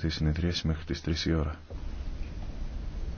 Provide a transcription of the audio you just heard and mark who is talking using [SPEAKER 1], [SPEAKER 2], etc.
[SPEAKER 1] τη συνεδρίαση μέχρι τις 3 η ώρα.